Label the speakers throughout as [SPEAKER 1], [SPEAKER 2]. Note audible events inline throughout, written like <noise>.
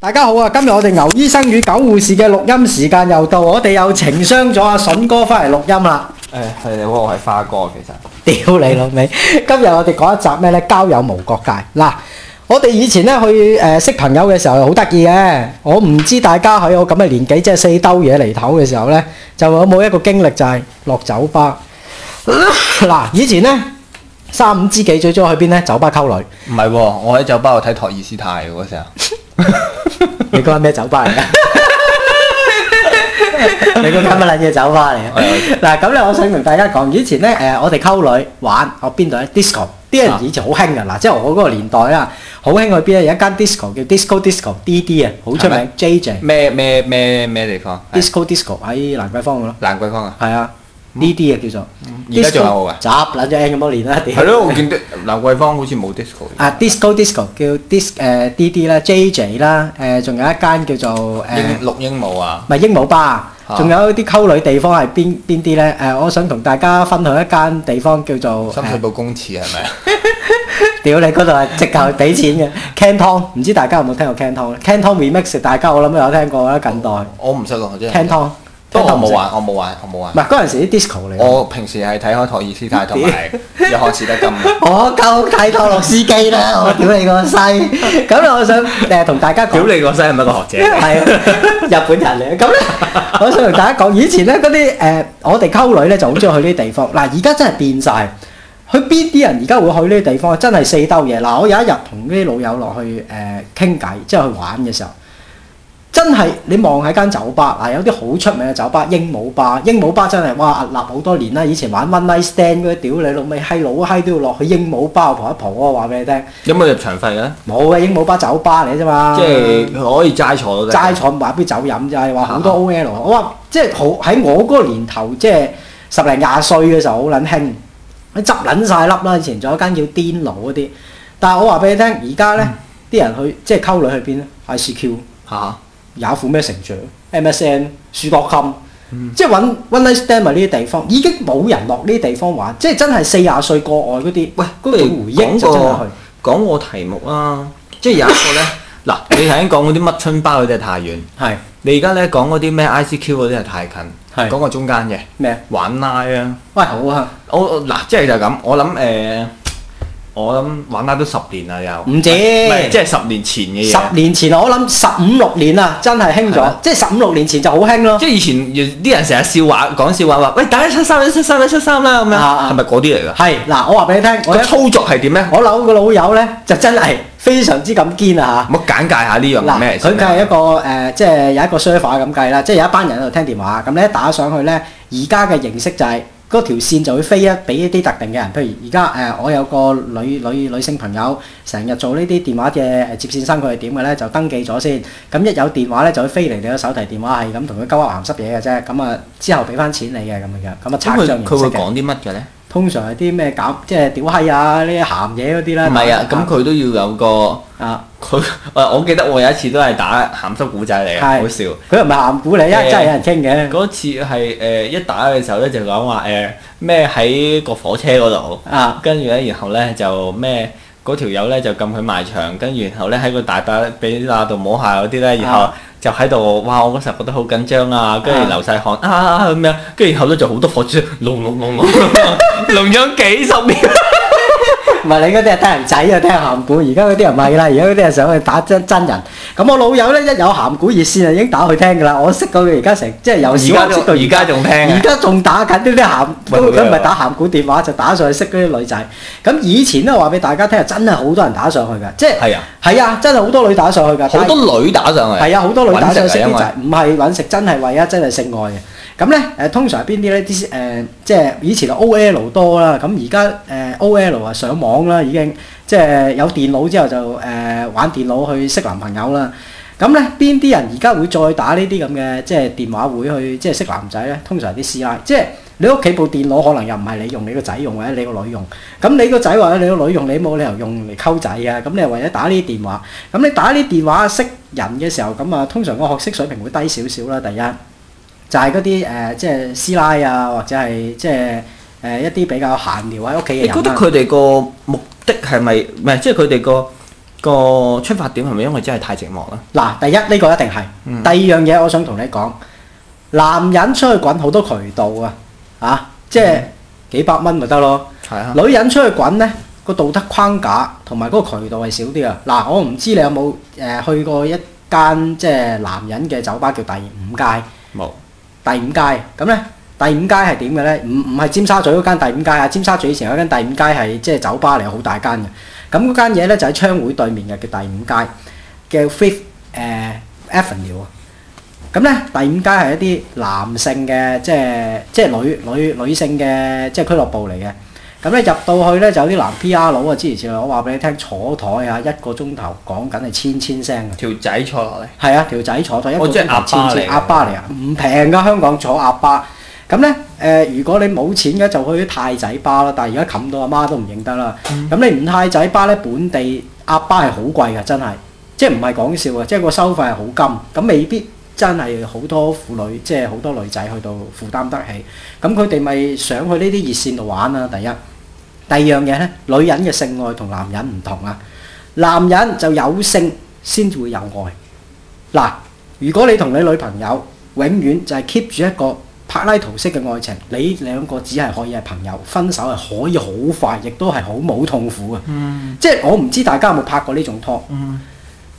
[SPEAKER 1] 大家好啊！今日我哋牛醫生與狗護士嘅錄音時間又到，我哋又情商咗阿笋哥翻嚟錄音啦。誒、哎，
[SPEAKER 2] 係你好，我係花哥，其實
[SPEAKER 1] 屌你老味。 <laughs> 今日我哋講一集咩咧？交友無國界嗱。我哋以前咧去誒、呃、識朋友嘅時候好得意嘅。我唔知大家喺我咁嘅年紀，即係四兜嘢嚟頭嘅時候咧，就有冇一個經歷就係落酒吧嗱、呃。以前咧。三五知己最中意去邊咧？酒吧溝女？
[SPEAKER 2] 唔係喎，我喺酒吧度睇托爾斯泰嗰時候。
[SPEAKER 1] 你講咩酒吧嚟？你講咁乜爛嘢酒吧嚟？嗱，咁咧我想同大家講，以前咧誒，我哋溝女玩，我邊度咧？disco，啲人以前好興噶，嗱，即係我嗰個年代啦，好興去邊咧？有一間 disco 叫 disco disco D D 啊，好出名，J J。咩咩咩咩地方？disco disco 喺蘭桂坊咯。蘭桂坊啊？係啊。D.D. 啊，叫做
[SPEAKER 2] 而家仲有㗎，集
[SPEAKER 1] 嗱只咁多年啦，係咯，我見的
[SPEAKER 2] 蘭桂坊好似冇 disco
[SPEAKER 1] 嘅。啊，disco disco 叫 dis 誒 D.D. 啦，J.J. 啦，誒仲有一間叫做誒錄音舞啊，唔係鶯舞吧，仲有啲溝女地方係邊邊啲咧？誒，我想同大家分享一間地方叫做深水埗公廁係咪？屌你嗰度係直頭俾錢嘅 Canton，唔知大家有冇聽過 Canton？Canton Remix 大家我諗都有聽過啦，近代。我唔識㗎啫。Canton。我冇玩，我冇玩，我冇玩。唔係嗰陣時啲 disco 嚟。
[SPEAKER 2] 我平時係睇開托爾 <laughs> 斯泰同埋約翰史德金。
[SPEAKER 1] 我夠睇托洛斯基啦！我屌你個西，咁 <laughs> 咧我想誒同、呃、大家屌你
[SPEAKER 2] 個西係咪個學者？係
[SPEAKER 1] <laughs> 日本人嚟。咁、啊、咧，我想同大家講，以前咧嗰啲誒我哋溝女咧就好中意去呢啲地方。嗱，而家真係變晒。去邊啲人而家會去呢啲地方真係四兜嘢嗱。我有一日同啲老友落去誒傾偈，即係去玩嘅時候。真係你望喺間酒吧嗱，有啲好出名嘅酒吧，鸚鵡吧，鸚鵡吧真係哇屹立好多年啦。以前玩 one night stand 嗰啲，屌你老味，嗨佬嗨都要落去鸚鵡吧婆一婆，我話俾你聽，
[SPEAKER 2] 有冇入場費啊？
[SPEAKER 1] 冇啊，鸚鵡吧酒吧嚟啫嘛。即係可以齋坐。齋坐，買杯酒飲就係話好多 O L。我話即係好喺我嗰個年頭，即係十零廿歲嘅時候好撚興，佢執撚曬笠啦。以前仲有間叫癲佬嗰啲，但係我話俾你聽，而家咧啲人去即係溝女去邊咧？I C Q 嚇。啊啊也負咩成長？MSN、樹德金，即係揾 One Night Stand 呢啲地方已經冇人落呢啲地方玩，即係真係四廿歲過外嗰啲喂。嗰個講我
[SPEAKER 2] 講我題目啊，即係有一個咧嗱，你頭先講嗰啲乜春包嗰啲係太遠，係你而家咧講嗰啲咩 I C Q 嗰啲係太近，講個中間嘅咩玩 l 啊？喂，好啊，我嗱即係就咁，我諗誒。我諗玩下都十年啦又，唔止，唔係即係十年前嘅嘢。十
[SPEAKER 1] 年前啊，我諗十五六年啊，真係興咗，即係十五六年前就好興咯。即係以前啲人成日笑話
[SPEAKER 2] 講笑話話，喂打一出三一出三一出三啦咁樣，係咪嗰啲嚟㗎？係嗱，我話俾你聽，個操作
[SPEAKER 1] 係點咧？我諗個老友咧，就真係非常之咁堅啊嚇！我簡介下呢樣咩先。佢計係一個誒，即係有一個 server 咁計啦，即係有一班人喺度聽電話，咁咧打上去咧，而家嘅形式就係，嗰條線就會飛一俾一啲特定嘅人，譬如而家誒，我有個女女女性朋友，成日做呢啲電話嘅接線生，佢係點嘅咧？就登記咗先，咁一有電話咧，就會飛嚟你個手提電話，係咁同佢勾鈎鹹濕嘢嘅啫，咁啊之後俾翻錢你嘅咁嘅樣，咁啊拆帳形式嘅。咁佢佢會講啲乜嘅咧？通常係啲咩搞，即係屌閪啊！呢啲鹹嘢嗰啲咧。唔係啊，咁佢
[SPEAKER 2] 都要有個。啊。佢，我記得我有一次都係打鹹濕古仔嚟，係好
[SPEAKER 1] 笑。佢又唔係鹹古嚟，呃、真係有人
[SPEAKER 2] 傾嘅。嗰次係誒、呃、一打嘅時候咧，就講話誒咩喺個火車嗰度。啊。跟住咧，然後咧就咩嗰條友咧就撳佢埋牆，跟住然後咧喺個大把俾啲度摸下嗰啲咧，然後。就喺度，哇！我嗰時候覺得好緊張啊，跟住流曬汗啊,啊，咁樣跟住後咧就好多火車，隆隆隆隆，隆咗幾十秒。
[SPEAKER 1] 唔係你嗰啲係聽人仔啊聽鹹古，而家嗰啲人唔係啦，而家嗰啲係上去打真真人。咁我老友咧一有鹹古熱線啊，已經打去聽噶啦。我，識，我識到佢而家成即係有時識到
[SPEAKER 2] 而家仲聽，而
[SPEAKER 1] 家仲打緊啲啲鹹，唔係喂打鹹古電話就打上去識嗰啲女仔。咁以前咧話俾大家聽，真係好多人打上去嘅，即係係啊，係啊，真係好多女打上去㗎，好、啊、多女打
[SPEAKER 2] 上去，係啊因為，好多女打上去識啲仔，
[SPEAKER 1] 唔係揾食，真係為啊，真係性愛嘅。咁咧，誒、嗯、通常係邊啲咧？啲誒即係以前就 O L 多啦，咁而家誒 O L 啊上網啦，已經即係有電腦之後就誒、呃、玩電腦去識男朋友啦。咁咧邊啲人而家會再打呢啲咁嘅即係電話會去即係識男仔咧？通常係啲師奶，即係你屋企部電腦可能又唔係你用，你個仔用，用或者你個女用。咁你個仔話你個女用，你冇理由用嚟溝仔啊。咁你又為咗打呢啲電話，咁你打呢啲電話，電話識人嘅時候，咁啊通常個學識水平會低少少啦。第一。就係嗰啲誒，即係師奶啊，或者係即係誒一啲比較閒聊喺屋企嘅人。你覺得佢哋
[SPEAKER 2] 個目的係咪唔係？即係佢哋個個出發點係咪因為真係太寂寞啦？嗱，第
[SPEAKER 1] 一呢、呢個一定係。嗯、第二樣嘢，我想同你講，男人出去滾好多渠道啊，啊，即係幾百蚊咪得咯。係啊。女人出去滾咧，個道德框架同埋嗰個渠道係少啲啊。嗱，我唔知你有冇誒、呃、去過一間即係男人嘅酒吧叫第五街。冇。第五街咁咧，第五街係點嘅咧？唔唔係尖沙咀嗰間第五街啊！尖沙咀以前有間第五街係即係酒吧嚟，好大間嘅。咁嗰間嘢咧就喺昌會對面嘅，叫第五街叫 Fifth 唉 Avenue 喎。咁咧，第五街係一啲男性嘅，即係即係女女女性嘅即係俱樂部嚟嘅。咁咧，入到去咧就有啲男 P.R. 佬啊，之前前我話俾你聽，坐台啊，一個鐘頭講緊係千千聲啊，條仔坐落嚟，係啊，條仔坐台，我即係阿爸嚟，千千阿爸嚟啊，唔平噶，香港坐阿爸。咁咧誒，如果你冇錢嘅就去啲太仔巴啦，但係而家冚到阿媽都唔認得啦。咁、嗯、你唔太仔巴咧，本地阿爸係好貴噶，真係即係唔係講笑啊！即係個收費係好金咁，未必。真係好多婦女，即係好多女仔去到負擔得起，咁佢哋咪想去呢啲熱線度玩啦。第一，第二樣嘢咧，女人嘅性愛同男人唔同啊。男人就有性先至會有愛。嗱，如果你同你女朋友永遠就係 keep 住一個柏拉圖式嘅愛情，你兩個只係可以係朋友，分手係可以好快，亦都係好冇痛苦嘅。嗯，即係我唔知大家有冇拍過呢種拖。嗯。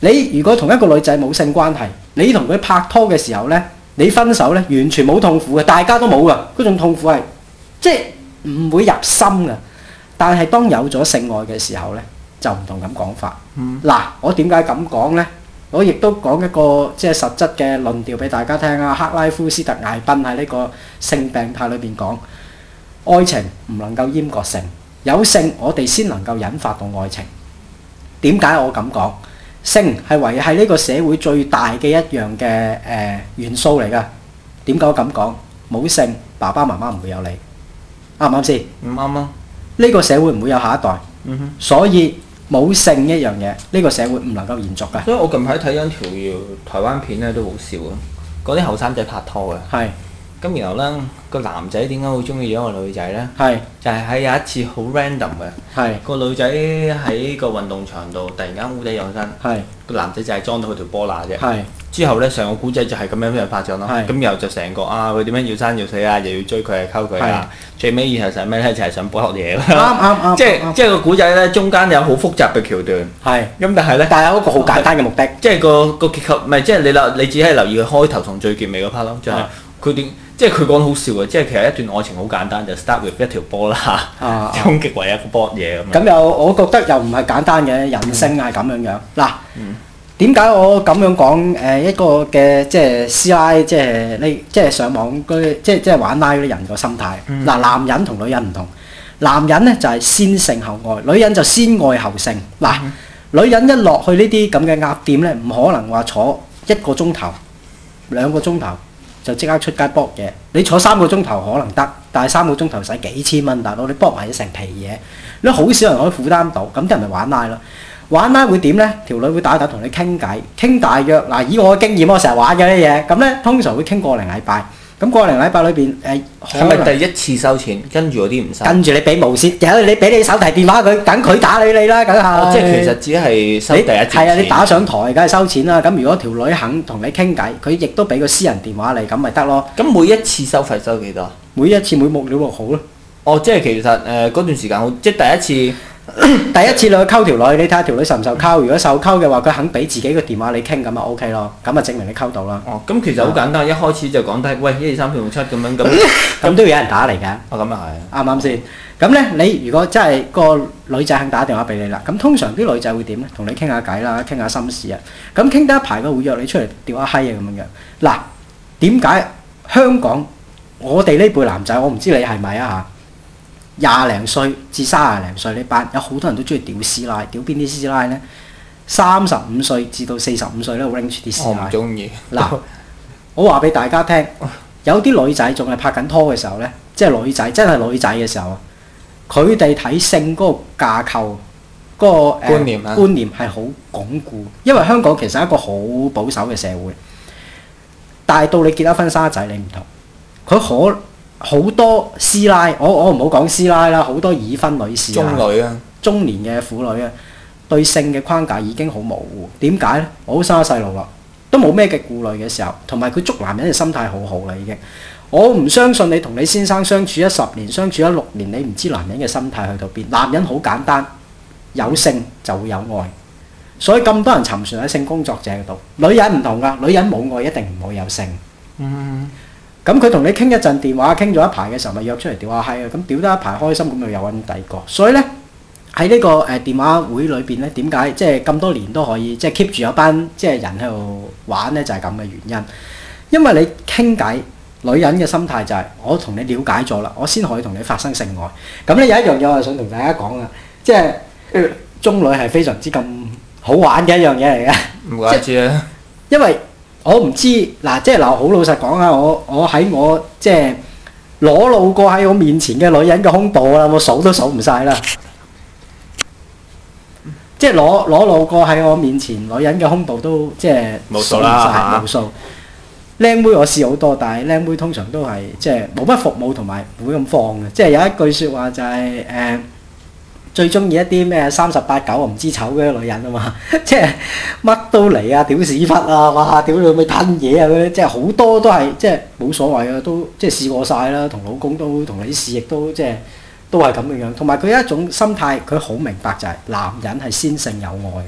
[SPEAKER 1] 你如果同一個女仔冇性關係，你同佢拍拖嘅時候呢，你分手呢，完全冇痛苦嘅，大家都冇噶。嗰種痛苦係即係唔會入心嘅。但係當有咗性愛嘅時候呢，就唔同咁講法。嗱，我點解咁講呢？我亦都講一個即係實質嘅論調俾大家聽啊。克拉夫斯特艾賓喺呢個性病態裏邊講，愛情唔能夠閹割性，有性我哋先能夠引發到愛情。點解我咁講？性係維係呢個社會最大嘅一樣嘅誒、呃、元素嚟㗎。點解我咁講？冇性，爸爸媽媽唔會有你。啱唔啱先？唔啱啊！呢個社會唔會有下一代。嗯、哼所以冇性一樣嘢，呢、呢個社會唔能夠延續㗎。所以我近排睇緊條
[SPEAKER 2] 台灣片咧，都好笑啊！嗰啲後生仔拍拖嘅。係。咁然後咧，個男仔點解好中意咗個女仔咧？係就係喺有一次好 random 嘅。係個女仔喺個運動場度，突然間烏仔有身。係個男仔就係裝到佢條波乸啫。係之後咧，成個古仔就係咁樣樣發展咯。係咁，然後就成個啊，佢點樣要生要死啊，又要追佢啊，溝佢啊。最尾以後想咩咧？就係想補學嘢啱啱啱。即係即係個古仔咧，中間有好複雜嘅橋段。係咁，但係咧。但係有一個好簡單嘅目的。即係個個結構，唔係即係你留，你只係留意佢開頭同最結尾嗰 part 咯，就係佢點。即係佢講得好笑嘅，即係其實一段愛情好簡單，就 start with 一條波啦，終極、啊啊、為一個波嘢咁。咁
[SPEAKER 1] 又我覺得又唔係簡單嘅人性，係咁樣樣。嗱，點解我咁樣講？誒、呃、一個嘅即係師奶，即係你即係上網即係即係玩拉嗰啲人個心態。嗱、嗯，男人同女人唔同，男人咧就係、是、先性後愛，女人就先愛後性。嗱，嗯、女人一落去呢啲咁嘅鴨店咧，唔可能話坐一個鐘頭、兩個鐘頭。就即刻出街搏嘅，你坐三個鐘頭可能得，但係三個鐘頭使幾千蚊大佬，你搏埋咗成皮嘢，你好少人可以負擔到，咁啲人咪玩奶咯，玩奶會點咧？條女會打打同你傾偈，傾大約，嗱、啊，以我嘅經驗，我成日玩嘅啲嘢，咁咧通常會傾個零禮拜。咁過零禮拜裏邊誒，係、欸、咪能第一
[SPEAKER 2] 次收錢？跟住嗰啲唔收。
[SPEAKER 1] 跟住你俾無線，有你俾你手提電話佢，梗佢打俾你啦，梗嚇、哦。即係其實只
[SPEAKER 2] 係收第一次錢。係啊，你打
[SPEAKER 1] 上台梗係收錢啦。咁如果條女肯同你傾偈，佢亦都俾個私人電話你，咁咪得咯。咁、嗯、每一次收費收幾多？每一次每目兩幕好咧。哦，即係其實誒嗰、呃、段時間，即係第一次。 <coughs> 第一次你去溝條女，你睇下條女受唔受溝？如果受溝嘅話，佢肯俾自己個電話你傾，咁啊 OK 咯，咁啊證明你溝到啦。哦，咁其實好簡單，的一開始就講得喂一二三四五六七咁樣，咁咁都要有人打嚟噶。哦，咁啊係，啱唔啱先？咁咧，你如果真係個女仔肯打電話俾你啦，咁通常啲女仔會點咧？同你傾下偈啦，傾下心事啊。咁傾得一排嘅，會約你出嚟吊一嗨啊咁樣樣。嗱，點解香港我哋呢輩男仔，我唔知你係咪啊嚇？廿零歲至三廿零歲呢班，有好多人都中意屌師奶，屌邊啲師奶咧？三十五歲至到四十五歲咧，ring 出啲師奶。我唔中意喏。嗱， <laughs> 我話俾大家聽，有啲女仔仲係拍緊拖嘅時候咧，即係女仔，真係女仔嘅時候，佢哋睇性嗰個架構嗰、嗰個觀念，啊，觀念係好鞏固。因為香港其實係一個好保守嘅社會，但係到你結咗婚生仔，你唔同，佢可。好多師奶，我我唔好講師奶啦，好多已婚女士啊，中年嘅婦女啊，中女啊，對性嘅框架已經好模糊。點解咧？我生咗細路啦，都冇咩嘅顧慮嘅時候，同埋佢捉男人嘅心態好好啦已經。我唔相信你同你先生相處咗十年，相處咗六年，你唔知男人嘅心態去到邊。男人好簡單，有性就會有愛，所以咁多人沉船喺性工作者度。女人唔同㗎，女人冇愛一定唔會有性。嗯、mm。Hmm. 咁佢同你傾一陣電話，傾咗一排嘅時候咪約出嚟屌下，係啊。咁屌得一排開心，咁咪又揾第二個。所以咧喺呢個誒電話會裏邊咧，點解即係咁多年都可以即係 keep 住一班即係人喺度玩咧，就係咁嘅原因。因為你傾偈，女人嘅心態就係我同你了解咗啦，我先可以同你發生性愛。咁咧有一樣嘢我係想同大家講啊，即係呃、中女係非常之咁好玩嘅一樣嘢嚟嘅。唔怪之因為。我唔知嗱，即係嗱，好老實講啊！我我喺我即係裸露過喺我面前嘅女人嘅胸部啊，我數都數唔晒啦。即係裸裸露過喺我面前女人嘅胸部都即係冇數啦嚇，無數。靚妹、啊、我試好多，但係靚妹通常都係即係冇乜服務同埋唔會咁放嘅。即係有一句説話就係、是、誒。呃最中意一啲咩三十八九唔知醜嘅女人啊嘛，即係乜都嚟啊，屌屎忽啊，哇，屌你咪噴嘢啊嗰啲、就是，即係好多都係即係冇所謂啊，都即係試過晒啦，同老公都同你試，亦都即係都係咁嘅樣。同埋佢有一種心態，佢好明白就係男人係先性有愛，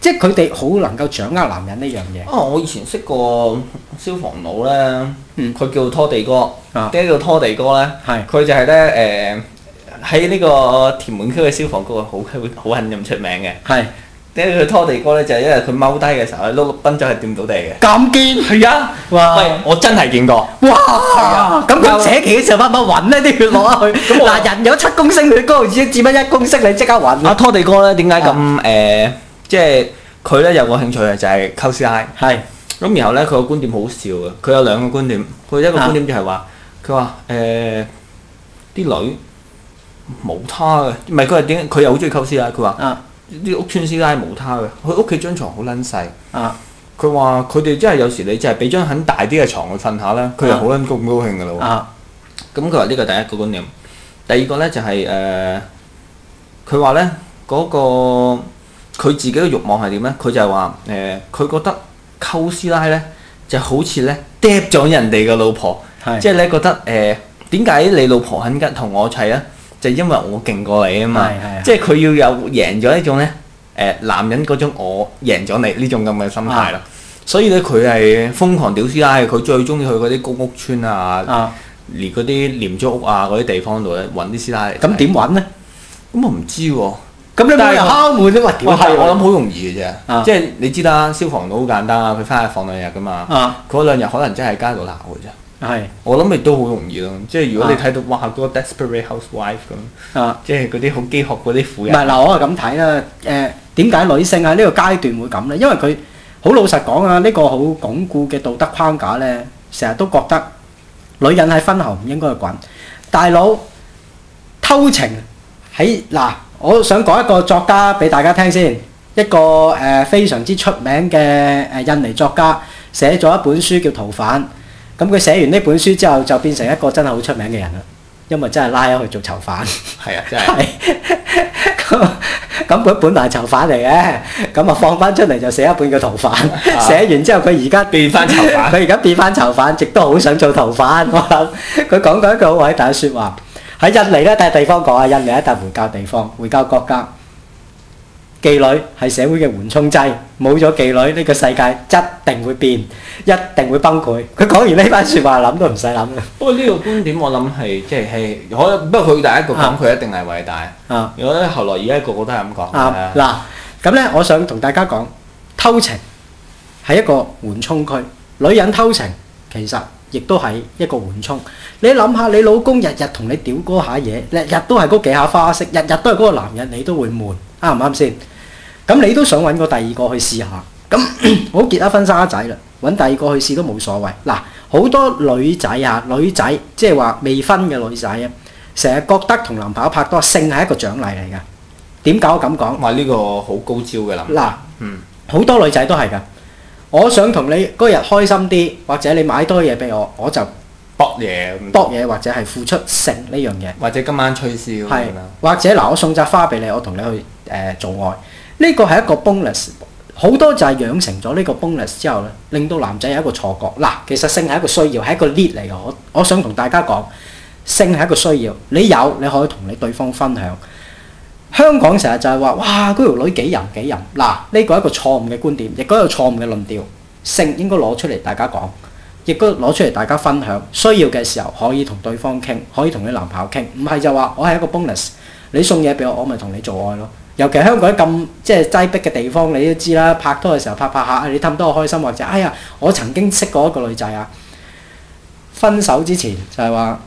[SPEAKER 1] 即係佢哋好能夠掌握男人呢樣嘢。
[SPEAKER 2] 啊！我以前識過消防佬咧，佢、嗯、叫拖地哥，即係叫拖地哥咧，係佢、啊、就係咧誒。是呃喺呢個屯門區嘅消防局啊，好佢好恨咁出名嘅。係，點解佢拖地哥咧，就係因為佢踎低嘅時候咧，碌碌奔走係掂到地嘅。咁堅係啊！哇！我真係見過。
[SPEAKER 1] 哇！咁佢扯旗嘅時候，乜乜揾呢？啲血落啊去？嗱，人有七公升血佢哥好似只只乜一公升，你即刻揾。啊，拖地哥咧，
[SPEAKER 2] 點解咁誒？即係佢咧有個興趣就係 Q C I。係，咁然後咧，佢個觀點好笑嘅。佢有兩個觀點，佢一個觀點就係話，佢話誒啲女。冇他嘅，唔係佢係點？佢又好中意溝師奶，佢話啲屋村師奶冇他嘅。佢屋企張床好撚細，佢話佢哋真係有時你就係俾張很大啲嘅床去瞓下啦。佢又好撚高興嘅咯。咁佢話呢個第一個觀念，第二個咧就係、是、誒，佢話咧嗰個佢自己嘅慾望係點咧？佢就係話誒，佢、呃、覺得溝師奶咧就好似咧嗒咗人哋嘅老婆，即係咧覺得誒點解你老婆肯跟同我砌齊啊？就因為我勁過你啊嘛，即係佢要有贏咗呢種咧，誒男人嗰種我贏咗你呢種咁嘅心態咯。所以咧，佢係瘋狂屌師奶，佢最中意去嗰啲公屋村啊，連嗰啲廉租屋啊嗰啲地方度咧揾啲師奶嚟。咁點揾咧？咁我唔知喎。
[SPEAKER 1] 咁你冇人敲門啫嘛？我係我諗好
[SPEAKER 2] 容易嘅啫，即係你知啦，消防佬好簡單啊，佢翻去放兩日噶嘛。佢兩日可能真係街度鬧嘅啫。係，我諗亦都好容易咯。即係如果你睇到哇，嗰個 Desperate Housewife 咁，即係嗰啲好饑渴嗰啲婦人。唔係，嗱，我
[SPEAKER 1] 係咁睇啦。誒點解女性啊呢個階段會咁咧？因為佢好老實講啊，呢個好鞏固嘅道德框架咧，成日都覺得女人喺婚後唔應該去滾，大佬偷情喺嗱，我想講一個作家俾大家聽先，一個誒非常之出名嘅誒印尼作家寫咗一本書叫《逃犯》。咁佢寫完呢本書之後，就變成一個真係好出名嘅人啦。因為真係拉咗去做囚犯。係啊，真係。係咁，咁佢本來係囚犯嚟嘅，咁啊放翻出嚟就寫一本嘅逃犯。 <laughs> 寫完之後，佢而家變翻囚犯。佢而家變翻囚犯，直都好想做逃犯。佢講過一句好偉大嘅説話，喺印尼呢，帶地方講啊，印尼係大回教地方，回教國家。妓女係社會嘅緩衝劑，冇咗妓女呢個世界一定會變，一定會崩潰。佢講完呢番說話，諗都唔使諗。
[SPEAKER 2] 不過呢個觀點我諗係即係係，可能不過佢第一個講佢一定係偉大。啊，如果後來而家個個
[SPEAKER 1] 都係咁講。啊，嗱，咁呢我想同大家講，偷情係一個緩衝區，女人偷情其實亦都係一個緩衝。你諗下，你老公日日同你屌嗰下嘢，日日都係嗰幾下花式，日日都係嗰個男人，你都會悶。啱唔啱先？咁、嗯、你都想揾個第二個去試下？咁好結得婚生仔啦，揾第二個去試都冇所謂。嗱，好多女仔啊，女仔即係話未婚嘅女仔啊，成日覺得同男朋友拍拖，性係一個獎勵嚟㗎。點解我咁講？哇！呢、呢個好高招㗎啦。嗱喊，嗯，好多女仔都係㗎。我想同你嗰日開心啲，或者你買多嘢俾我，我就博嘢，博嘢或者係付出性呢樣嘢。
[SPEAKER 2] 或者今晚吹簫。係。
[SPEAKER 1] 或者嗱、呃，我送扎花俾你，我同你去。誒，做愛呢個係一個 bonus，好多就係養成咗呢個 bonus 之後咧，令到男仔有一個錯覺嗱。其實性係一個需要，係一個 need 嚟嘅。我我想同大家講，性係一個需要，你有你可以同你對方分享。香港成日就係話哇，嗰條女幾人幾人，嗱，呢個係一個錯誤嘅觀點，亦都有錯誤嘅論調。性應該攞出嚟大家講，亦都攞出嚟大家分享，需要嘅時候可以同對方傾，可以同你男朋友傾，唔係就話我係一個 bonus，你送嘢俾我，我咪同你做愛咯。尤其香港咁即係擠迫嘅地方，你都知啦。拍拖嘅時候拍拍下，你氹到我開心或者，哎呀，我曾經認識過一個女仔啊，分手之前就係話。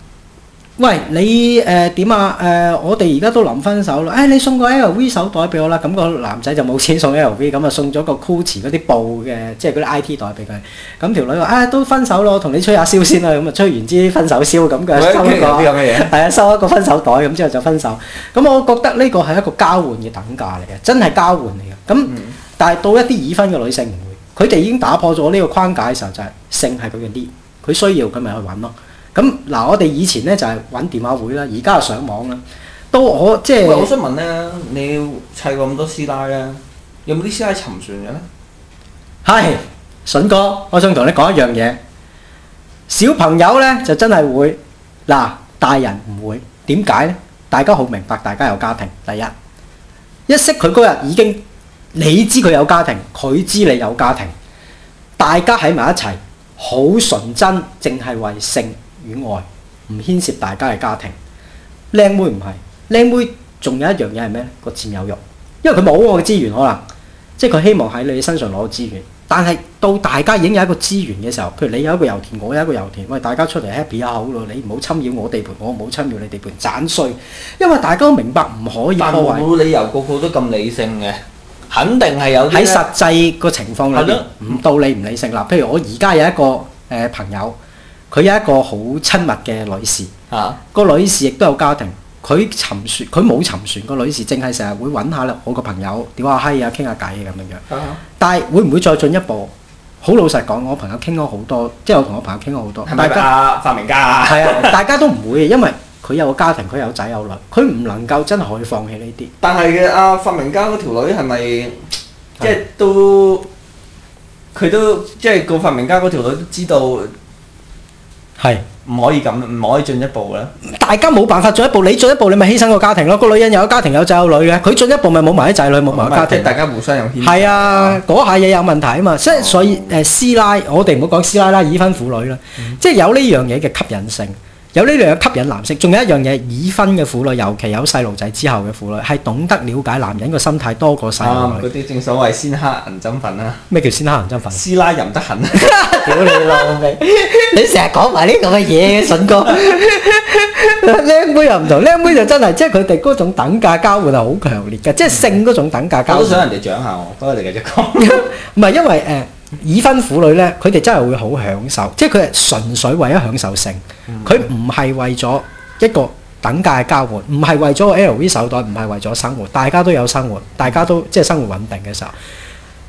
[SPEAKER 1] 喂，你誒、呃、點啊？誒、呃，我哋而家都臨分手啦。誒、哎，你送個 LV 手袋俾我啦。咁、那個男仔就冇錢送 LV，咁啊送咗個 Gucci 嗰啲布嘅，即係嗰啲 IT 袋俾佢。咁、那、條、個、女話：啊、哎，都分手咯，同你吹下燒先啦。咁啊，吹完支分手燒咁嘅收一個，係啊，收一個分手袋。咁之後就分手。咁我覺得呢個係一個交換嘅等價嚟嘅，真係交換嚟嘅。咁但係到一啲已婚嘅女性唔會，佢哋已經打破咗呢個框架嘅時候，就係、是、性係佢嘅啲，佢需要佢咪去揾咯。咁嗱，我哋以前咧就係、是、揾電話會啦，而家上網啦，都我，即係。喂，我想問咧，你砌過咁多師奶咧，有冇啲師奶沉船嘅咧？係筍、哎、哥，我想同你講一樣嘢。小朋友咧就真係會嗱，大人唔會。點解咧？大家好明白，大家有家庭。第一一識佢嗰日已經你知佢有家庭，佢知你有家庭，大家喺埋一齊好純真，淨係為性。院外唔牽涉大家嘅家庭，靚妹唔係靚妹，仲有一樣嘢係咩咧？個佔有欲，因為佢冇我嘅資源可能，即係佢希望喺你身上攞資源。但係到大家已經有一個資源嘅時候，譬如你有一個油田，我有一個油田，喂，大家出嚟 happy 下好咯，你唔好侵擾我地盤，我唔好侵擾你地盤，斬碎，因為大家都明白唔可以。但冇理由個個都咁理性嘅，肯定係有喺實際個情況裏邊唔到你唔理性啦。譬如我而家有一個誒朋友。佢有一個好親密嘅女士，個女士亦都有家庭。佢沉船，佢冇沉船。個女士淨係成日會揾下啦，我個朋友屌下閪啊，傾下偈咁樣。但係會唔會再進一步？好老實講，我朋友傾咗好多，即係我同我朋友傾咗好多。係咪阿
[SPEAKER 2] 發明家？係啊，大
[SPEAKER 1] 家都唔會，因為佢有個家庭，佢有仔有女，佢唔能夠真係可以放棄呢啲。
[SPEAKER 2] 但係阿發明家嗰條女係咪？即係都佢都即係個發明家嗰條女都知道。係唔可以咁，唔可以進一步嘅。
[SPEAKER 1] 大家冇辦法進一步，你進一步，你咪犧牲個家庭咯。個女人有家庭有仔有女嘅，佢進一步咪冇埋啲仔女，冇埋個家庭。大家互相有牽係啊！嗰下嘢有問題啊嘛，即係所以誒、哦、師奶，我哋唔好講師奶啦，已婚婦女啦，嗯、即係有呢樣嘢嘅吸引性。有呢樣嘢吸引男性，仲有一樣嘢，已婚嘅婦女，尤其有細路仔之後嘅婦女，係懂得了解男人個心態多過細路。啊，嗰啲正所謂鮮蝦銀針粉啦。咩叫鮮蝦銀針粉？師奶淫得很啊！屌你老味，你成日講埋啲咁嘅嘢，順哥。靚妹又唔同，靚妹就真係即係佢哋嗰種等價交換係好強烈嘅，即係性嗰種等價交換。好想人哋獎下我，等我哋繼續講。唔係因為誒。已婚婦女咧，佢哋真係會好享受，即係佢係純粹為咗享受性，佢唔係為咗一個等價嘅交換，唔係為咗 LV 手袋，唔係為咗生活。大家都有生活，大家都即係生活穩定嘅時候，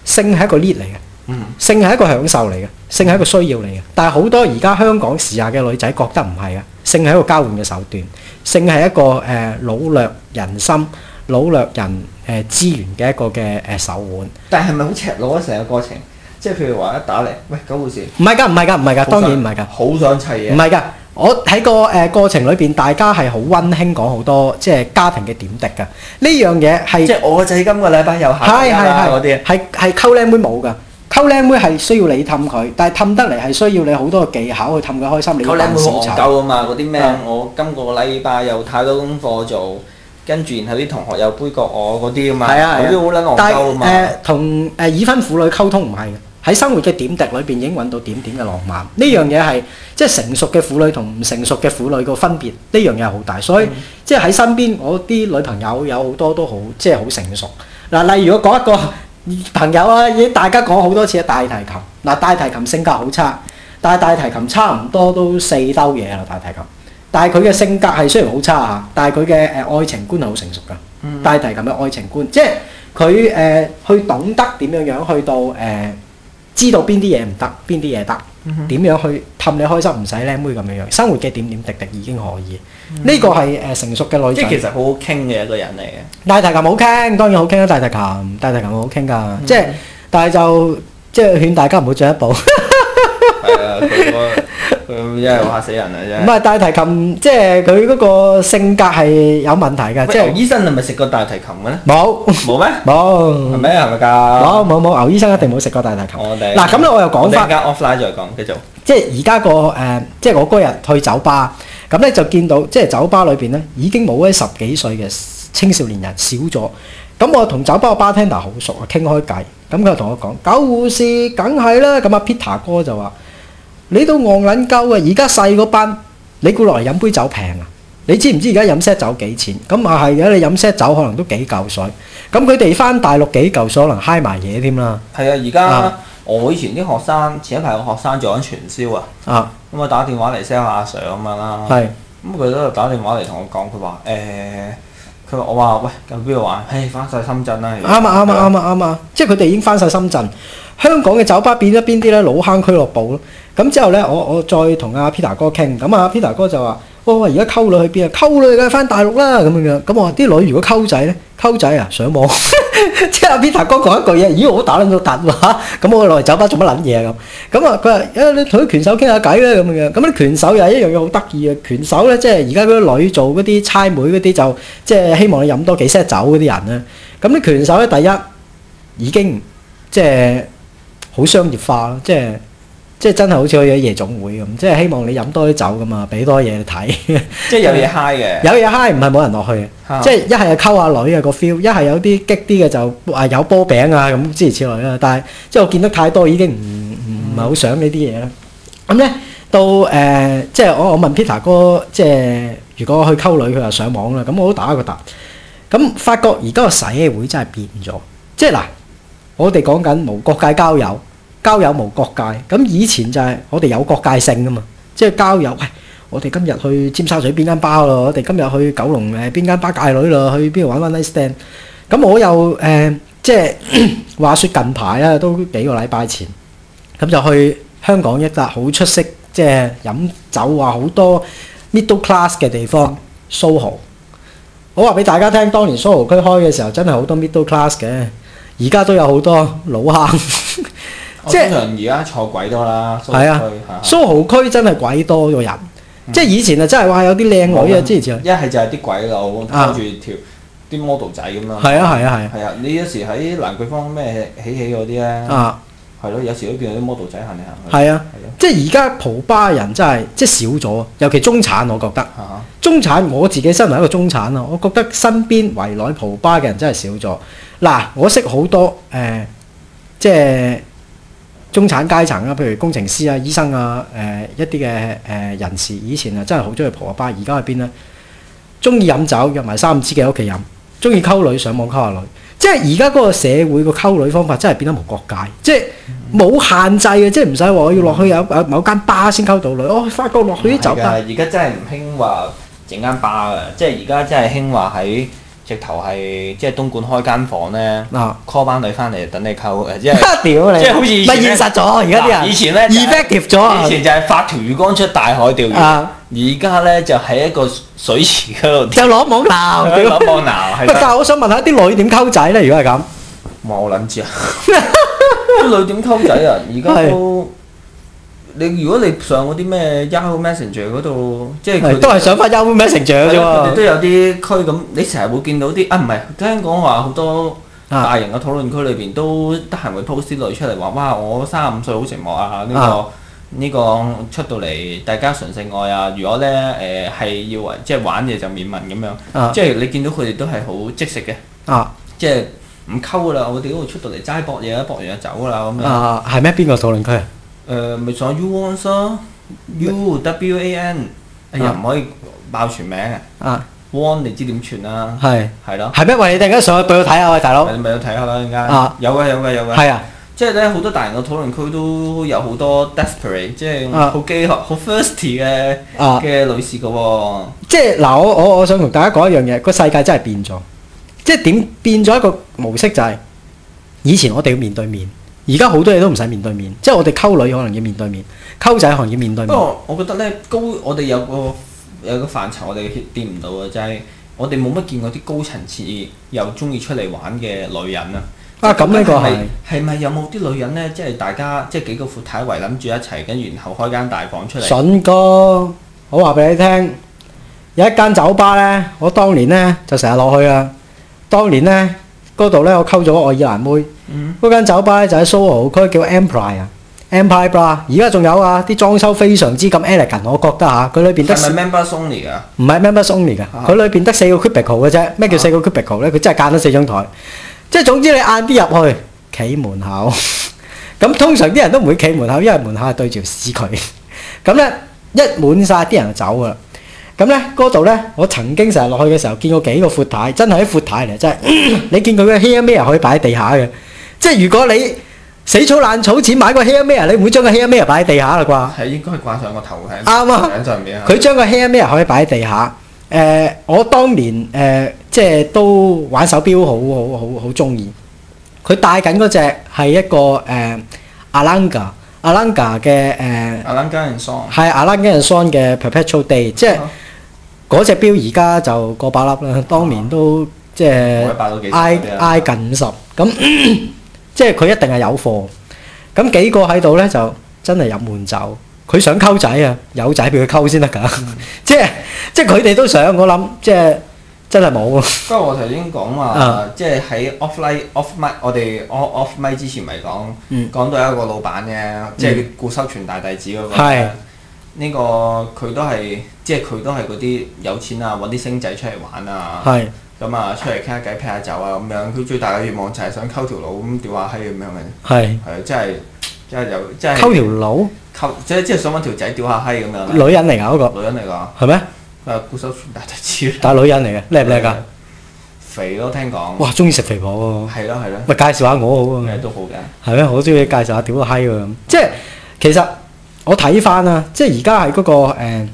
[SPEAKER 1] 性係一個 lead 嚟嘅，性係一個享受嚟嘅，性係一個需要嚟嘅。但係好多而家香港時下嘅女仔覺得唔係啊，性係一個交換嘅手段，性係一個誒擄掠人心、擄掠人誒資源嘅一個嘅誒手腕。但係係咪好赤裸啊？成個過程？即係譬如話一打嚟，喂，咁回事？唔係㗎，唔係㗎，唔係㗎，當然唔係㗎。好想砌嘢。唔係㗎，我喺個誒過程裏邊，大家係好溫馨講好多即係家庭嘅點滴㗎。呢樣嘢係即係我仔今個禮拜又考啦嗰啲，係係溝靚妹冇㗎。溝靚妹係需要你氹佢，但係氹得嚟係需要你好多嘅技巧去氹佢開心。溝靚妹好戇
[SPEAKER 2] 鳩啊嘛，嗰啲咩？我今個禮拜又太多功課做，跟住然後啲同學又杯葛我嗰啲啊嘛，
[SPEAKER 1] 嗰啲好撚戇鳩啊嘛。但係誒同誒已婚婦女溝通唔係㗎。喺生活嘅點滴裏邊已經揾到點點嘅浪漫，呢樣嘢係即係成熟嘅婦女同唔成熟嘅婦女個分別，呢樣嘢係好大，所以即係喺身邊我啲女朋友有好多都好即係好成熟嗱。例如我講一個朋友啊，已經大家講好多次啦。大提琴嗱，大提琴性格好差，但係大提琴差唔多都四兜嘢啦。大提琴，但係佢嘅性格係雖然好差吓，但係佢嘅誒愛情觀係好成熟噶。大提琴嘅愛情觀，即係佢誒去懂得點樣樣去到誒。知道邊啲嘢唔得，邊啲嘢得，點、嗯、哼樣去氹你開心唔使靚妹咁樣樣，生活嘅點點滴滴已經可以。呢個係誒成熟嘅女仔，其實好好傾嘅一個人嚟嘅。大提琴好傾，當然好傾啦、啊。大提琴，大提琴好傾㗎、嗯，即係，但係就即係勸大家唔好進一步。 <laughs>
[SPEAKER 2] 哎又係、呃、嚇死人啊！真
[SPEAKER 1] 係唔係大提琴，即係佢嗰個性格係有問題㗎。TVs, 即係、啊、牛
[SPEAKER 2] 醫生係咪食過大提琴嘅咧？
[SPEAKER 1] 冇冇咩冇？
[SPEAKER 2] 係咪係咪㗎？
[SPEAKER 1] 冇冇冇！牛醫生一定冇食過大提琴。
[SPEAKER 2] 我哋嗱咁咧，我又講翻 offline 再講繼續。
[SPEAKER 1] 即係而家個誒、呃，即係我嗰日去酒吧，咁咧就見到即係、就是、酒吧裏邊咧已經冇啲十幾歲嘅青少年人少咗。咁我同酒吧個 bartender 好熟啊，傾開偈，咁佢就同我講：狗護士梗係啦。咁阿 Peter 哥就話。你都戇撚鳩嘅？而家細嗰班，你估落嚟飲杯酒平啊？你知唔知而家飲些酒幾錢？咁啊係嘅，你飲些酒可能都幾嚿水。咁佢哋翻大陸幾嚿水，可能嗨埋嘢添啦。係在是啊，而家我以前啲學生，
[SPEAKER 2] 前一排我學生做緊傳銷啊。是啊，咁我打電話嚟 sell 下阿 Sir 咁樣啦、啊。係，咁佢都喺度打電話嚟同我講，佢話誒，佢話我話喂，咁邊度玩？誒、哎，翻晒深
[SPEAKER 1] 圳啦。啱啊啱啊啱啊啱啊，啊，啊，啊，即係佢哋已經翻晒深，深圳。香港嘅酒吧變咗邊啲咧？老坑俱樂部咯。咁之後咧，我我再同阿 Peter 哥傾咁啊。Peter 哥就話：喂，而家溝女去邊啊？溝女咧返大陸啦咁樣。咁我話啲女如果溝仔咧，溝仔啊上網。 <laughs> 即阿 Peter 哥講一句嘢，咦！我打撚到突啦，咁我落嚟酒吧做乜撚嘢啊？咁咁啊，佢話、嗯，誒、啊、你同啲拳手傾下偈啦咁樣。咁啲拳手又係一樣嘢好得意嘅拳手咧，即係而家嗰啲女做嗰啲差妹嗰啲就即係希望你飲多幾 set 酒嗰啲人咧。咁啲拳手咧，第一已經即係。好商業化咯，即係即係真係好似去咗夜總會咁，即係希望你飲多啲酒咁啊，俾多嘢睇。即係有嘢 high 嘅、嗯。有嘢 high 唔係冇人落去嘅，啊、即係、那個、一係啊溝下女啊個 feel，一係有啲激啲嘅就啊有波餅啊咁諸如此類啦。但係即係我見得太多已經唔唔唔係好想呢啲嘢啦。咁咧到誒、呃、即係我我問 Peter 哥，即係如果去溝女，佢就上網啦。咁我都打一個突。咁發覺而家嘅洗會真係變咗，即係嗱。我哋講緊無國界交友，交友無國界。咁以前就係我哋有國界性㗎嘛，即係交友。喂，我哋今日去尖沙咀邊間包咯，我哋今日去九龍誒邊間巴界女咯，去邊度玩翻 nice stand。咁我又誒、呃，即係 <coughs> 話説近排啊，都幾個禮拜前，咁就去香港一笪好出色，即係飲酒啊，好多 middle class 嘅地方。Soho，我話俾大家聽，當年 Soho 區開嘅時候，真係好多 middle class 嘅。而家都有好多老坑，
[SPEAKER 2] 即係通常而家坐鬼多啦。係啊，蘇
[SPEAKER 1] 豪區真係鬼多咗人，即係以前啊，真係話有啲靚女呀。之前
[SPEAKER 2] 一係就係啲鬼佬攤住條啲 model 仔咁樣。係啊係啊係。係啊，你有時喺蘭桂坊咩起起嗰啲咧？啊，係咯，有時都見到啲 model 仔行嚟行去。
[SPEAKER 1] 係啊，即係而家蒲巴人真係即係少咗，尤其中產，我覺得。中產，我自己身為一個中產啊，我覺得身邊圍內蒲巴嘅人真係少咗。嗱，我識好多誒、呃，即係中產階層啊，譬如工程師啊、醫生啊，誒、呃、一啲嘅誒人士，以前啊真係好中意蒲下巴，而家喺邊咧？中意飲酒，約埋三五知己喺屋企飲，中意溝女，上網溝下女，即係而家嗰個社會個溝女方法真係變得無國界，嗯、即係冇限制嘅，嗯、即係唔使話我要落去有某間巴先溝到女，哦，發覺落去啲酒吧。但係而家真係唔興話
[SPEAKER 2] 整間巴啊。即係而家真係興話喺。直頭係即係東莞開間房咧，call 班女翻嚟等你溝，即係即係好似唔係現實咗，而家啲人以前咧 effect 咗，以前就係發條魚竿出大海釣魚，而家咧就喺一個水池嗰度就攞
[SPEAKER 1] 網網，攞網網係。但係我想問下啲女點溝仔咧？如果係咁，
[SPEAKER 2] 冇諗住啊！
[SPEAKER 1] 啲女點溝
[SPEAKER 2] 仔啊？而家都。你如果你上嗰啲咩 Yahoo Messenger 度，即、就、係、係、都係想
[SPEAKER 1] 翻 Yahoo Messenger 啫，佢哋都有
[SPEAKER 2] 啲區咁，你成日會見到啲啊唔係，聽講話好多大型嘅討論區裏邊都得閒會 post 啲女出嚟話，哇！我三十五歲好寂寞啊！呢、呢個呢、啊呢個出到嚟，大家純性愛啊！如果咧誒係要玩，即係玩嘢就免問咁樣。即係、啊、你見到佢哋都係好即食嘅。啊，即係唔溝噶啦，我哋都會出到嚟齋搏嘢，搏完就走噶啦咁樣啊，
[SPEAKER 1] 係咩？邊個討論區？
[SPEAKER 2] 誒咪、呃、上 UOne 咯，U W, ans, U w A N、啊、又唔可以爆全名嘅。One、啊、你知點傳啦？係係是
[SPEAKER 1] 咯。係咩喂，你等陣間上去俾我睇下喂，大佬。咪去睇下啦，陣間、
[SPEAKER 2] 啊啊。啊！有嘅有嘅有嘅。係啊，即係咧好多大人嘅討論區都有好多 desperate，即係好飢渴、好 thirsty 嘅嘅女士嘅喎。
[SPEAKER 1] 即係嗱，我我我想同大家講一樣嘢，個世界真係變咗。即係點變咗一個模式就係，以前我哋要面對面。而家好多嘢都唔使面對面，即係我哋溝女可能要面對面，溝仔可能要面對面。不
[SPEAKER 2] 過我覺得呢，高我哋有個有個範疇，我哋掂唔到嘅，就係、是、我哋冇乜見過啲高層次又中意出嚟玩嘅女人啊。啊但，咁呢個係係咪有冇啲女人呢？即係大家即係幾個闊太圍諗住一齊，跟然後開間大房出嚟。筍
[SPEAKER 1] 哥，我話俾你聽，有一間酒吧呢，我當年呢，就成日落去啊。當年呢。嗰度咧，我溝咗愛爾蘭妹。嗰間酒吧咧就喺蘇豪區，叫、Empire, Empire 啊，Empire 啦。而家仲有啊，啲裝修非常之咁 elegant，我覺得嚇、啊。佢裏邊得唔係
[SPEAKER 2] Members Only 噶？
[SPEAKER 1] 唔係 Members Only 噶、啊。佢裏邊得四個 cubicle 嘅啫。咩叫四個 cubicle 咧？佢真係間咗四張台。即係總之你晏啲入去，企門口。咁 <laughs> 通常啲人都唔會企門口，因為門口係對住市區。咁咧一滿晒啲人就走啦。咁咧嗰度咧，我曾經成日落去嘅時候，見過幾個闊太，真係啲闊太嚟，真係 <coughs> 你見佢個 hair mirror 可以擺喺地下嘅。即係如果你死草爛草錢買個 hair mirror，你唔會將個 hair mirror 擺喺地下啦啩？係
[SPEAKER 2] 應該係掛上個頭喺度。啱啊！佢
[SPEAKER 1] 將個 hair mirror 可以擺喺地下。誒、呃，我當年誒、呃、即係都玩手錶，好好好好中意佢戴緊嗰隻係一個誒、呃、alanga alanga 嘅誒 alanga、呃、and song 係 alanga and song 嘅 perpetual day，Okay. 即係是。Okay. 嗰隻錶而家就過百粒啦，當年都即係挨挨近五十，咁即係佢一定係有貨。咁幾個喺度咧，就真係入門走。佢想溝仔啊，有仔俾佢溝先得㗎。即係 <laughs> 即係佢哋都想我諗即係真係冇。不過我頭先講話，
[SPEAKER 2] 即係喺 offline off mic 我哋 off off mic 之前咪講講到一個老闆嘅，即係顧收傳大弟子嗰個。嗯。呢個佢都係，即係佢都係嗰啲有錢啊，揾啲星仔出嚟玩啊，咁啊出嚟傾下偈、劈下酒啊咁樣。佢最大嘅願望就係想溝條佬咁屌下閪咁樣嘅啫。係即真係真係又真係。溝條佬溝即係即係想揾條仔屌下閪咁樣。女人嚟㗎嗰個。女人嚟㗎。係咩？誒，孤羞
[SPEAKER 1] 大女人嚟嘅，靚唔靚
[SPEAKER 2] 㗎？肥咯，聽講。哇！
[SPEAKER 1] 中意食肥婆喎。係咯係咯。咪介紹下我好啊。誒，都好
[SPEAKER 2] 嘅。
[SPEAKER 1] 係咩？好中意介紹下屌個閪㗎咁。即係其實。我睇翻啦，即係而家喺嗰個誒、呃、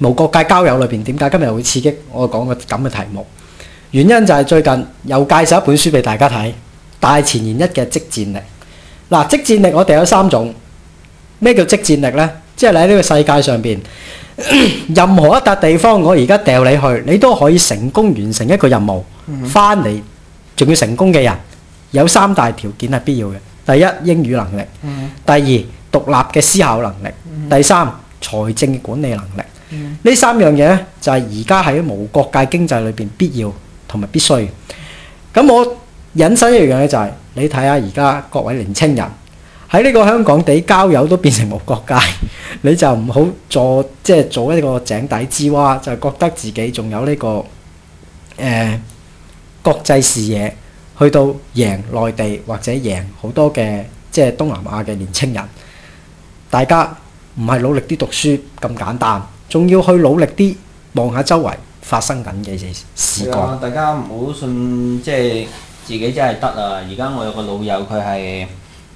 [SPEAKER 1] 無國界交友裏邊，點解今日會刺激我講個咁嘅題目？原因就係最近又介紹一本書俾大家睇，《大前研一嘅即戰力》。嗱，即戰力我哋有三種，咩叫即戰力呢？即係你喺呢個世界上邊，任何一笪地方，我而家掉你去，你都可以成功完成一個任務，翻嚟仲要成功嘅人，有三大條件係必要嘅。第一，英語能力；第二，獨立嘅思考能力，第三，財政管理能力。呢三樣嘢咧，就係而家喺無國界經濟裏邊必要同埋必須。咁我引申一樣嘢，就係你睇下而家各位年青人喺呢個香港地交友都變成無國界，你就唔好做即係做一個井底之蛙，就覺得自己仲有呢個誒國際視野，去到贏內地或者贏好多嘅即係東南亞嘅年青人。大家唔係努力啲讀書咁簡單，仲要去努力啲望下周圍發生緊嘅事事。係啊。
[SPEAKER 2] 大家唔好信即係自己真係得啊！而家我有個老友，佢係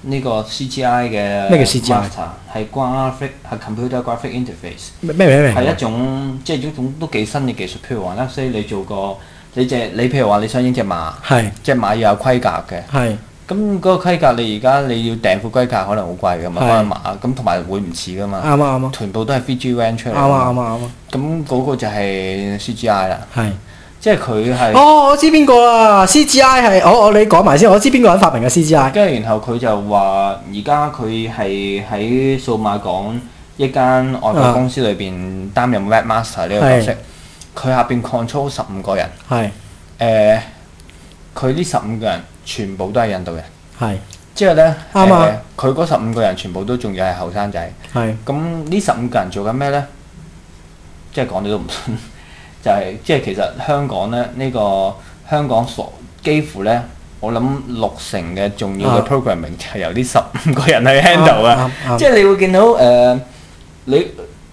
[SPEAKER 2] 呢個 C G I 嘅，咩叫 C G I？係 Graphic 係 Computer Graphic Interface，咩名係一種即係一種都幾新嘅技術。譬如話，所以你做個你隻你譬如話你想影隻馬，係隻係馬要有規格嘅，係。咁嗰個規格，你而家你要訂副規格，可能好貴噶是嘛，幫佢買。咁同埋會唔似噶嘛？啱啊啱，全部都係 CGI 出嚟。啱啊啱啊啱，咁嗰個就係 CGI 啦。係是，即係佢係。哦，
[SPEAKER 1] 我知邊個啦？CGI 係。我我你講埋先，我知邊個人發明嘅 CGI。跟住
[SPEAKER 2] 然後佢就話，而家佢係喺數碼港一間外國公司裏邊擔任 lead master 呢個角色。佢是下面 control 十五個人。係是。誒、呃，佢呢十五個人。全部都係印度人，係是，即係咧，佢嗰十五個人全部都仲要係後生仔，係是，咁呢十五個人做緊咩咧？即係講你都唔信，就係、是、即係其實香港咧，呢、這個香港所幾乎咧，我諗六成嘅重要嘅 programming 是就係由呢十五個人去 handle 啊，是即係你會見到誒、呃，你。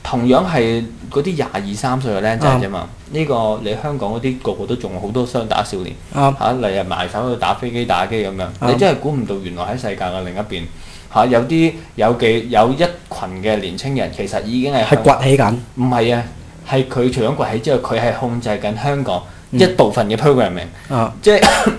[SPEAKER 2] 同樣係嗰啲廿二三歲嘅僆仔啫嘛，呢個你香港嗰啲個個都仲好多雙打少年嚇，嚟日埋手去打飛機打機咁樣，你真係估唔到原來喺世界嘅另一邊嚇有啲有幾有一群嘅年青人其實已經係係崛起緊，唔係啊，係佢除咗崛起之外，佢係控制緊香港一部分嘅 programming，即係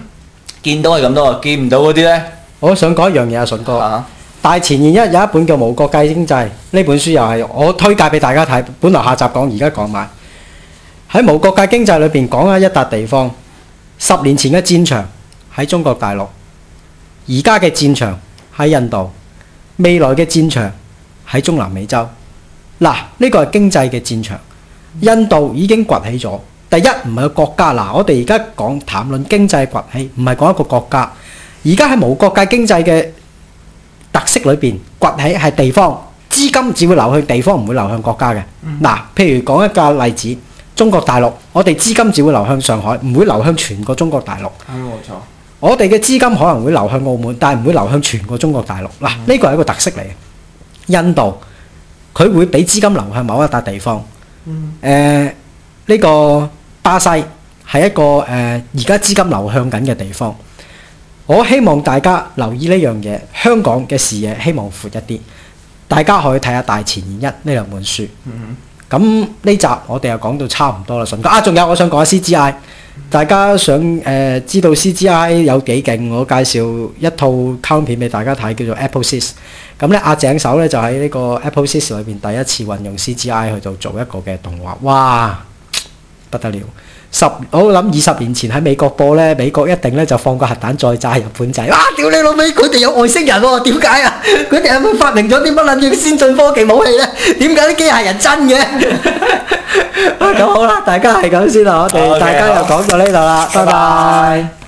[SPEAKER 2] 見到係咁多，見唔到嗰啲咧，
[SPEAKER 1] 我想講一樣嘢啊，順哥。大前年一有一本叫《無國界經濟》呢本書又係我推介俾大家睇。本來下集講，而家講埋喺無國界經濟裏邊講咗一笪地方。十年前嘅戰場喺中國大陸，而家嘅戰場喺印度，未來嘅戰場喺中南美洲。嗱，呢個係經濟嘅戰場。印度已經崛起咗。第一唔係個國家。嗱，我哋而家講談論經濟崛起，唔係講一個國家。而家喺無國界經濟嘅。特色裏邊崛起係地方資金只會流向地方，唔會流向國家嘅。嗱、啊，譬如講一個例子，中國大陸，我哋資金只會流向上海，唔會流向全個中國大陸。係冇、嗯、錯。我哋嘅資金可能會流向澳門，但係唔會流向全個中國大陸。嗱、啊，呢個係一個特色嚟嘅。印度，佢會俾資金流向某一笪地方。嗯、啊。呢、呢個巴西係一個誒而家資金流向緊嘅地方。我希望大家留意呢樣嘢，香港嘅視野希望闊一啲。大家可以睇下《大前研一》呢兩本書。咁呢、mm hmm. 集我哋又講到差唔多啦，順哥。啊，仲有我想講 C G I、mm hmm. 大家想誒、呃、知道 C G I 有幾勁？我介紹一套卡通片俾大家睇，叫做 Appleseed, 呢《Appleseed 咁咧，阿井手咧就喺呢個《Appleseed 裏邊第一次運用 C G I 去做做一個嘅動畫，哇，不得了！十我諗二十年前喺美國播呢，美國一定呢就放個核彈再炸日本仔。哇！屌你老味，佢哋有外星人喎、哦？點解啊？佢哋係咪發明咗啲乜捻嘢先進科技武器呢？點解啲機械人真嘅？咁好啦，大家係咁先啦，okay, 我哋大家又講到呢度啦，拜拜。